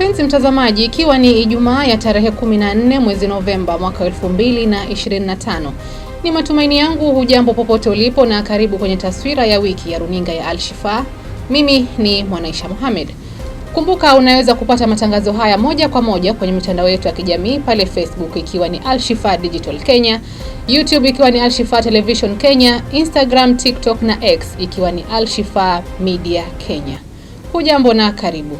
Mpenzi mtazamaji, ikiwa ni Ijumaa ya tarehe 14 mwezi Novemba mwaka 2025, ni matumaini yangu hujambo popote ulipo na karibu kwenye taswira ya wiki ya runinga ya Alshifa. Mimi ni Mwanaisha Mohamed. Kumbuka unaweza kupata matangazo haya moja kwa moja kwenye mitandao yetu ya kijamii pale Facebook ikiwa ni Alshifa Digital Kenya, YouTube ikiwa ni Alshifa Television Kenya, Instagram, TikTok na X ikiwa ni Alshifa Media Kenya. Hujambo na karibu.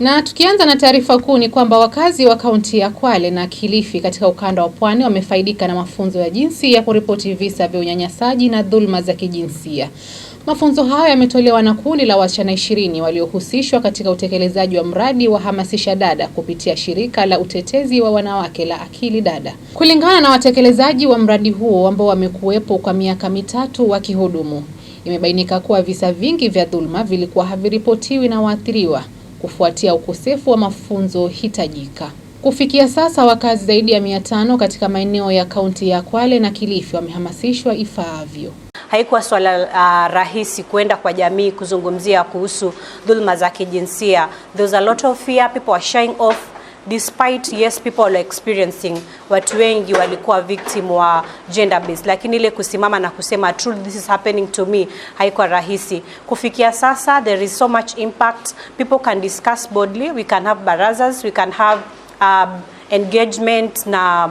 Na tukianza na taarifa kuu ni kwamba wakazi wa kaunti ya Kwale na Kilifi katika ukanda wa Pwani wamefaidika na mafunzo ya jinsi ya kuripoti visa vya unyanyasaji na dhulma za kijinsia. Mafunzo hayo yametolewa na kundi la wasichana ishirini waliohusishwa katika utekelezaji wa mradi wa Hamasisha Dada kupitia shirika la utetezi wa wanawake la Akili Dada. Kulingana na watekelezaji wa mradi huo ambao wamekuwepo kwa miaka mitatu wakihudumu, imebainika kuwa visa vingi vya dhulma vilikuwa haviripotiwi na waathiriwa kufuatia ukosefu wa mafunzo hitajika. Kufikia sasa wakazi zaidi ya mia tano katika maeneo ya kaunti ya Kwale na Kilifi wamehamasishwa ifaavyo. Haikuwa swala uh, rahisi kwenda kwa jamii kuzungumzia kuhusu dhuluma za kijinsia. There's a lot of fear, people are shying off despite yes people are experiencing, watu wengi walikuwa victim wa gender based, lakini ile kusimama na kusema truly this is happening to me haikuwa rahisi. Kufikia sasa there is so much impact, people can discuss boldly, we can have barazas, we can have um, engagement na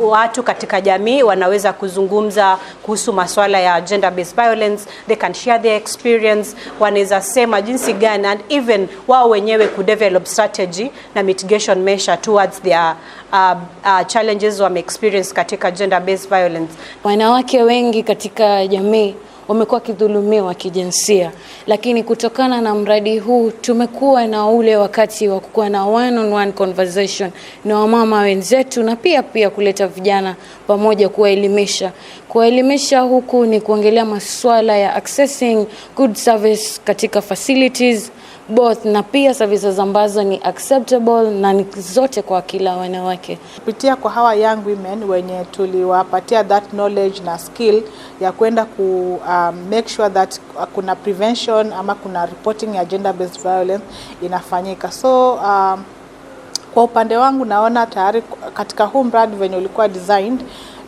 watu katika jamii wanaweza kuzungumza kuhusu masuala ya gender based violence, they can share their experience, wanaweza sema jinsi gani and even wao wenyewe ku develop strategy na mitigation measure towards their uh, uh, challenges wame experience katika gender based violence. Wanawake wengi katika jamii wamekuwa wakidhulumiwa kijinsia, lakini kutokana na mradi huu tumekuwa na ule wakati wa kukuwa na one on one conversation na wamama wenzetu, na pia pia kuleta vijana pamoja, kuwaelimisha kuwaelimisha huku ni kuongelea masuala ya accessing good service katika facilities both na pia services ambazo ni acceptable na ni zote kwa kila wanawake. Kupitia kwa hawa young women wenye tuliwapatia that knowledge na skill ya kwenda ku um, make sure that kuna prevention ama kuna reporting ya gender based violence inafanyika so um, kwa upande wangu naona tayari katika huu mradi venye ulikuwa designed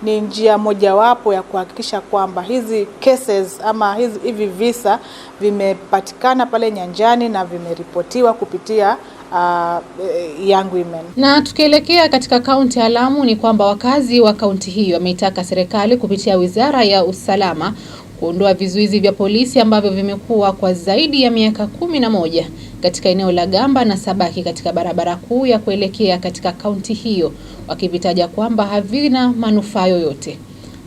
ni njia mojawapo ya kuhakikisha kwamba hizi cases ama hizi, hivi visa vimepatikana pale nyanjani na vimeripotiwa kupitia Uh, young women. Na tukielekea katika kaunti ya Lamu ni kwamba wakazi wa kaunti hiyo wameitaka serikali kupitia Wizara ya Usalama kuondoa vizuizi vya polisi ambavyo vimekuwa kwa zaidi ya miaka kumi na moja katika eneo la Gamba na Sabaki katika barabara kuu ya kuelekea katika kaunti hiyo, wakivitaja kwamba havina manufaa yoyote.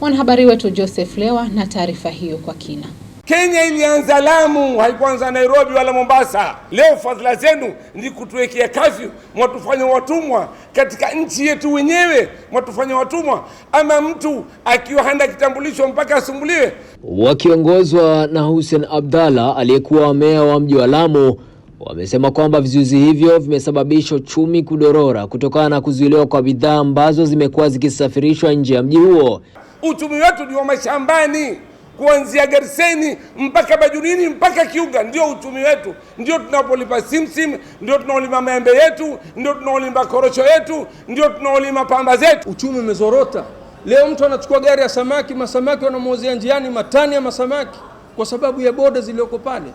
Mwanahabari wetu Joseph Lewa na taarifa hiyo kwa kina. Kenya ilianza Lamu, haikuanza Nairobi wala Mombasa. Leo fadhila zenu ni kutuwekea kafyu, mwatufanya watumwa katika nchi yetu wenyewe, mwatufanya watumwa. Ama mtu akiwa hana kitambulisho mpaka asumbuliwe. Wakiongozwa na Hussein Abdalla aliyekuwa meya wa mji wa Lamu Wamesema kwamba vizuizi hivyo vimesababisha uchumi kudorora kutokana na kuzuiliwa kwa bidhaa ambazo zimekuwa zikisafirishwa nje ya mji huo. Uchumi wetu ni wa mashambani, kuanzia Garseni mpaka Bajunini mpaka Kiuga, ndio uchumi wetu, ndio tunapolima simsim, ndio tunaolima maembe yetu, ndio tunaolima korosho yetu, ndio tunaolima pamba zetu. Uchumi umezorota. Leo mtu anachukua gari ya samaki, masamaki wanamuuzia njiani matani ya masamaki kwa sababu ya boda zilizoko pale.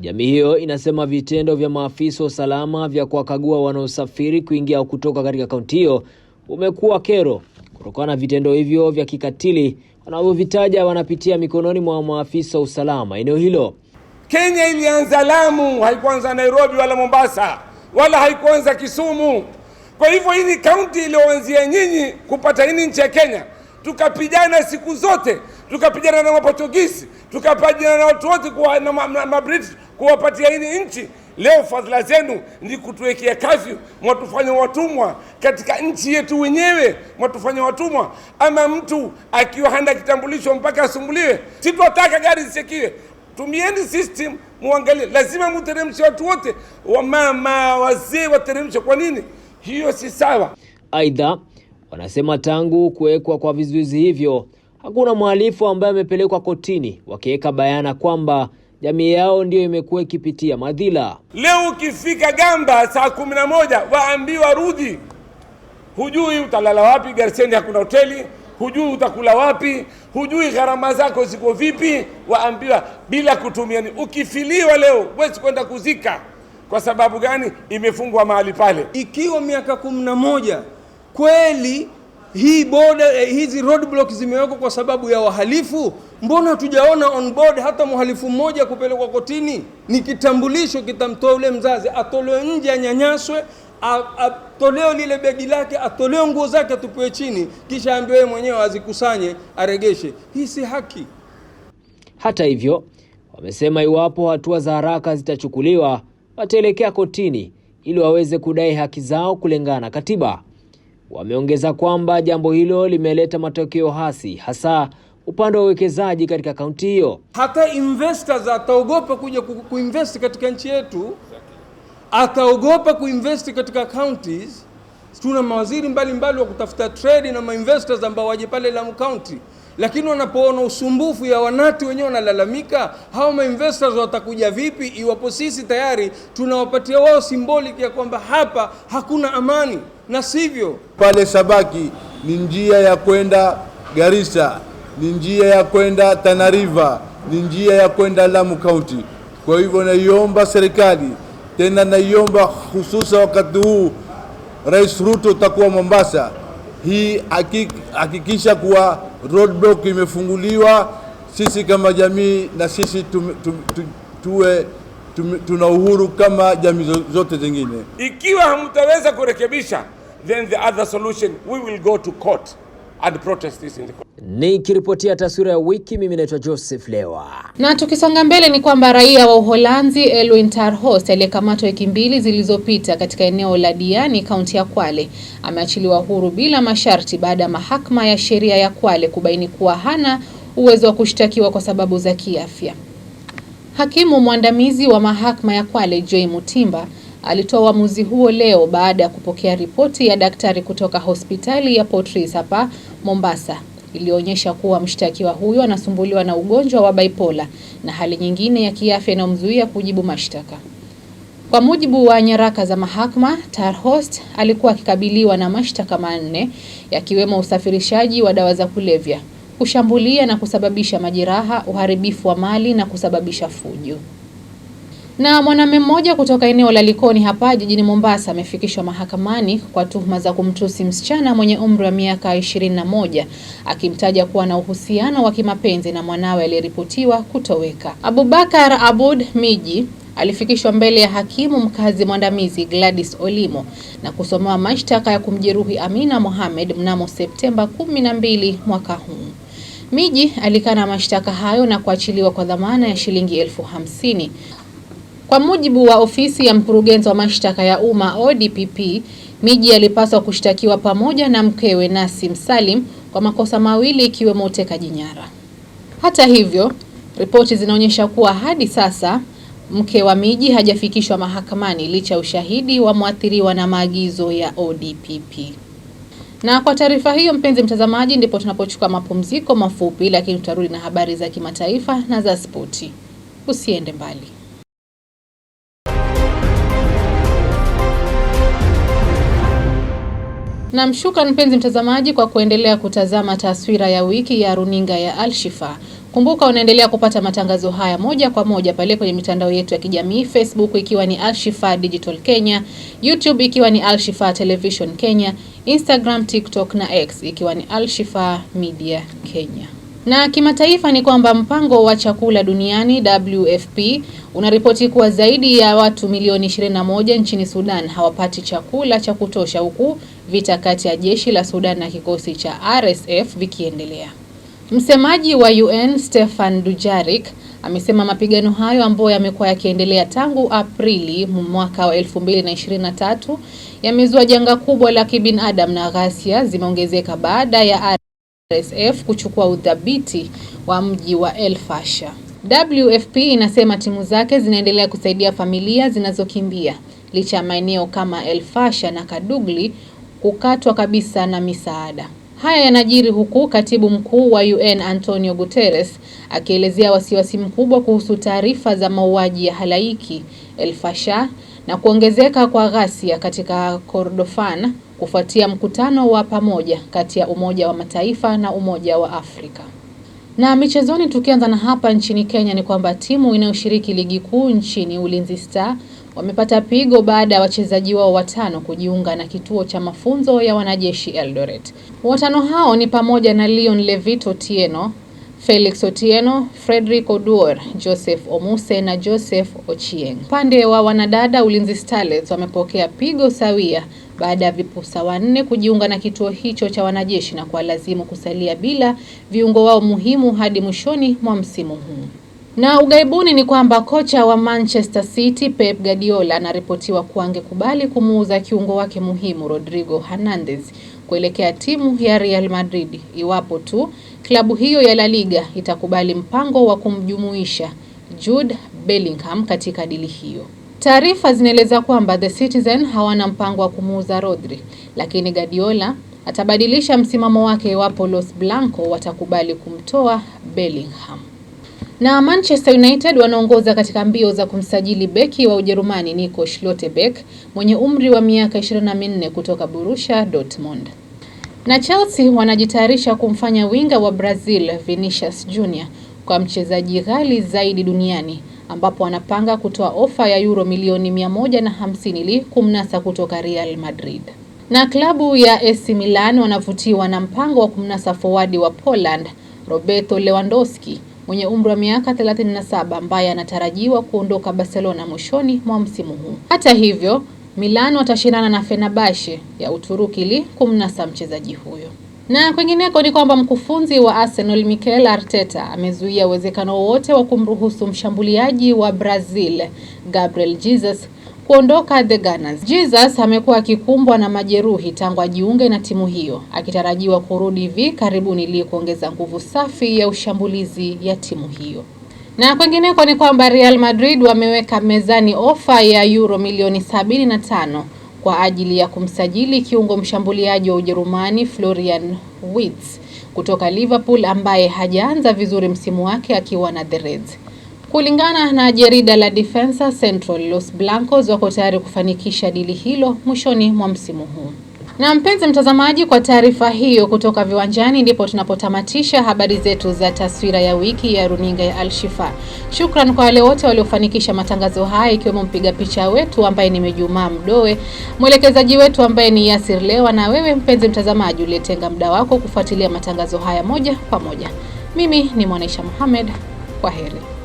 Jamii hiyo inasema vitendo vya maafisa wa usalama vya kuwakagua wanaosafiri kuingia au kutoka katika kaunti hiyo umekuwa kero kutokana na vitendo hivyo vya kikatili wanavyovitaja wanapitia mikononi mwa maafisa wa usalama eneo hilo. Kenya ilianza Lamu, haikuanza Nairobi wala Mombasa wala haikuanza Kisumu. Kwa hivyo hii ni kaunti iliyoanzia nyinyi kupata hii nchi ya Kenya. Tukapigana siku zote, tukapigana na Mapotogisi, tukapigana na watu wote na na, kuwapatia hili nchi. Leo fadhila zenu ni kutuwekea kazi, mwatufanya watumwa katika nchi yetu wenyewe, mwatufanya watumwa. Ama mtu akiwa hana kitambulisho mpaka asumbuliwe? Si twataka gari zichekiwe? Tumieni system muangalie, lazima muteremshe watu wote, wamama, wazee wateremshe. Kwa nini? Hiyo si sawa. Aidha, wanasema tangu kuwekwa kwa vizuizi hivyo hakuna mhalifu ambaye amepelekwa kotini, wakiweka bayana kwamba jamii yao ndiyo imekuwa ikipitia madhila. Leo ukifika Gamba saa kumi na moja waambiwa rudi, hujui utalala wapi. Garseni hakuna hoteli, hujui utakula wapi, hujui gharama zako ziko vipi, waambiwa bila kutumia. Ukifiliwa leo huwezi kwenda kuzika. Kwa sababu gani? Imefungwa mahali pale. Ikiwa miaka kumi na moja kweli hii boda eh, hizi roadblock zimewekwa kwa sababu ya wahalifu. Mbona hatujaona on board hata mhalifu mmoja kupelekwa kotini? Ni kitambulisho kitamtoa ule mzazi, atolewe nje, anyanyaswe, atolewe lile begi lake, atolewe nguo zake, atupiwe chini, kisha ambiwe yeye mwenyewe azikusanye, aregeshe. Hii si haki. Hata hivyo, wamesema iwapo hatua za haraka zitachukuliwa, wataelekea kotini ili waweze kudai haki zao kulingana na katiba. Wameongeza kwamba jambo hilo limeleta matokeo hasi hasa upande wa uwekezaji katika kaunti hiyo. Hata investors ataogopa kuja kuinvest katika nchi yetu, ataogopa kuinvest katika counties. Tuna mawaziri mbalimbali mbali wa kutafuta trade na mainvestors ambao waje pale Lamu County lakini wanapoona usumbufu ya wanati wenyewe wanalalamika, hao investors watakuja vipi iwapo sisi tayari tunawapatia wao symbolic ya kwamba hapa hakuna amani? Na sivyo pale Sabaki ni njia ya kwenda Garissa, ni njia ya kwenda Tanariva, ni njia ya kwenda Lamu County. Kwa hivyo naiomba serikali tena, naiomba hususa wakati huu Rais Ruto takuwa Mombasa, hii hakikisha kuwa roadblock imefunguliwa. Sisi kama jamii na sisi tum, tum, tuwe tum, tuna uhuru kama jamii zote zingine. Ikiwa hamtaweza kurekebisha, then the other solution we will go to court and protest this in the Nikiripotia taswira ya wiki, mimi naitwa Joseph Lewa. Na tukisonga mbele ni kwamba raia wa Uholanzi Elwin ter aliyekamatwa wiki mbili zilizopita katika eneo la Diani, kaunti ya Kwale, ameachiliwa huru bila masharti baada ya mahakama ya sheria ya Kwale kubaini kuwa hana uwezo wa kushtakiwa kwa sababu za kiafya. Hakimu mwandamizi wa mahakama ya Kwale Joy Mutimba Alitoa uamuzi huo leo baada ya kupokea ripoti ya daktari kutoka hospitali ya Potrtis hapa Mombasa iliyoonyesha kuwa mshtakiwa huyo anasumbuliwa na ugonjwa wa bipolar na hali nyingine ya kiafya inayomzuia kujibu mashtaka. Kwa mujibu wa nyaraka za mahakama, Tarhost alikuwa akikabiliwa na mashtaka manne yakiwemo usafirishaji wa dawa za kulevya, kushambulia na kusababisha majeraha, uharibifu wa mali na kusababisha fujo. Na mwanamume mmoja kutoka eneo la Likoni hapa jijini Mombasa amefikishwa mahakamani kwa tuhuma za kumtusi msichana mwenye umri wa miaka 21 moja akimtaja kuwa na uhusiano wa kimapenzi na mwanawe aliyeripotiwa kutoweka. Abubakar abud Miji alifikishwa mbele ya hakimu mkazi mwandamizi Gladys Olimo na kusomewa mashtaka ya kumjeruhi Amina Mohamed mnamo Septemba 12 mwaka huu. Miji alikana mashtaka hayo na kuachiliwa kwa dhamana ya shilingi elfu hamsini. Kwa mujibu wa ofisi ya mkurugenzi wa mashtaka ya umma ODPP, Miji alipaswa kushtakiwa pamoja na mkewe Nasim Salim kwa makosa mawili ikiwemo utekaji nyara. Hata hivyo, ripoti zinaonyesha kuwa hadi sasa mke wa Miji hajafikishwa mahakamani licha ya ushahidi wa mwathiriwa na maagizo ya ODPP. Na kwa taarifa hiyo, mpenzi mtazamaji, ndipo tunapochukua mapumziko mafupi, lakini tutarudi na habari za kimataifa na za spoti. Usiende mbali. Na mshukan mpenzi mtazamaji kwa kuendelea kutazama taswira ya wiki ya runinga ya Alshifa. Kumbuka unaendelea kupata matangazo haya moja kwa moja pale kwenye mitandao yetu ya kijamii Facebook ikiwa ni Alshifa Digital Kenya, YouTube ikiwa ni Alshifa Television Kenya, Instagram, TikTok na X ikiwa ni Alshifa Media Kenya. Na kimataifa ni kwamba mpango wa chakula duniani WFP unaripoti kuwa zaidi ya watu milioni 21 nchini Sudan hawapati chakula cha kutosha huku vita kati ya jeshi la Sudan na kikosi cha RSF vikiendelea. Msemaji wa UN Stefan Dujarik amesema mapigano hayo ambayo yamekuwa yakiendelea tangu Aprili mwaka wa 2023 yamezua janga kubwa la kibinadamu na ghasia zimeongezeka baada ya RSF kuchukua udhibiti wa mji wa El Fasher. WFP inasema timu zake zinaendelea kusaidia familia zinazokimbia licha ya maeneo kama El Fasher na Kadugli kukatwa kabisa na misaada. Haya yanajiri huku Katibu Mkuu wa UN Antonio Guterres akielezea wasiwasi mkubwa kuhusu taarifa za mauaji ya halaiki El Fasher na kuongezeka kwa ghasia katika Kordofan kufuatia mkutano wa pamoja kati ya Umoja wa Mataifa na Umoja wa Afrika. Na michezoni, tukianza na hapa nchini Kenya, ni kwamba timu inayoshiriki ligi kuu nchini Ulinzi Star wamepata pigo baada ya wachezaji wao watano kujiunga na kituo cha mafunzo ya wanajeshi Eldoret. Watano hao ni pamoja na Leon Levit Otieno, Felix Otieno, Frederick Oduor, Joseph Omuse na Joseph Ochieng. Upande wa wanadada, Ulinzi Starlets wamepokea pigo sawia baada ya vipusa wanne kujiunga na kituo hicho cha wanajeshi na kuwalazimu kusalia bila viungo wao muhimu hadi mwishoni mwa msimu huu. Na ughaibuni ni kwamba kocha wa Manchester City Pep Guardiola anaripotiwa kuwa angekubali kumuuza kiungo wake muhimu Rodrigo Hernandez kuelekea timu ya Real Madrid iwapo tu klabu hiyo ya La Liga itakubali mpango wa kumjumuisha Jude Bellingham katika dili hiyo. Taarifa zinaeleza kwamba The Citizen hawana mpango wa kumuuza Rodri, lakini Guardiola atabadilisha msimamo wake iwapo Los Blanco watakubali kumtoa Bellingham. Na Manchester United wanaongoza katika mbio za kumsajili beki wa Ujerumani Nico Schlotterbeck mwenye umri wa miaka 24 kutoka Borussia Dortmund. Na Chelsea wanajitayarisha kumfanya winga wa Brazil Vinicius Junior kwa mchezaji ghali zaidi duniani ambapo wanapanga kutoa ofa ya euro milioni 150 ili kumnasa kutoka Real Madrid. Na klabu ya AC Milan wanavutiwa na mpango wa kumnasa forward wa Poland Roberto Lewandowski mwenye umri wa miaka 37 ambaye anatarajiwa kuondoka Barcelona mwishoni mwa msimu huu. Hata hivyo, Milan watashindana na Fenerbahce ya Uturuki ili kumnasa mchezaji huyo. Na kwingineko ni kwamba mkufunzi wa Arsenal Mikel Arteta amezuia uwezekano wowote wa kumruhusu mshambuliaji wa Brazil Gabriel Jesus kuondoka the Gunners. Jesus amekuwa akikumbwa na majeruhi tangu ajiunge na timu hiyo, akitarajiwa kurudi hivi karibuni ili kuongeza nguvu safi ya ushambulizi ya timu hiyo. Na kwengineko ni kwamba Real Madrid wameweka mezani ofa ya euro milioni sabini na tano kwa ajili ya kumsajili kiungo mshambuliaji wa Ujerumani Florian Wirtz kutoka Liverpool ambaye hajaanza vizuri msimu wake akiwa na the Reds. Kulingana na jarida la Defensa Central, Los Blancos wako tayari kufanikisha dili hilo mwishoni mwa msimu huu. Na mpenzi mtazamaji, kwa taarifa hiyo kutoka viwanjani, ndipo tunapotamatisha habari zetu za taswira ya wiki ya runinga ya Alshifa. Shukran kwa wale wote waliofanikisha matangazo haya, ikiwemo mpiga picha wetu ambaye ni Mejumaa Mdoe, mwelekezaji wetu ambaye ni Yasir Lewa, na wewe mpenzi mtazamaji uliyetenga muda wako kufuatilia matangazo haya moja kwa moja. Mimi ni Mwanaisha Mohamed, kwa heri.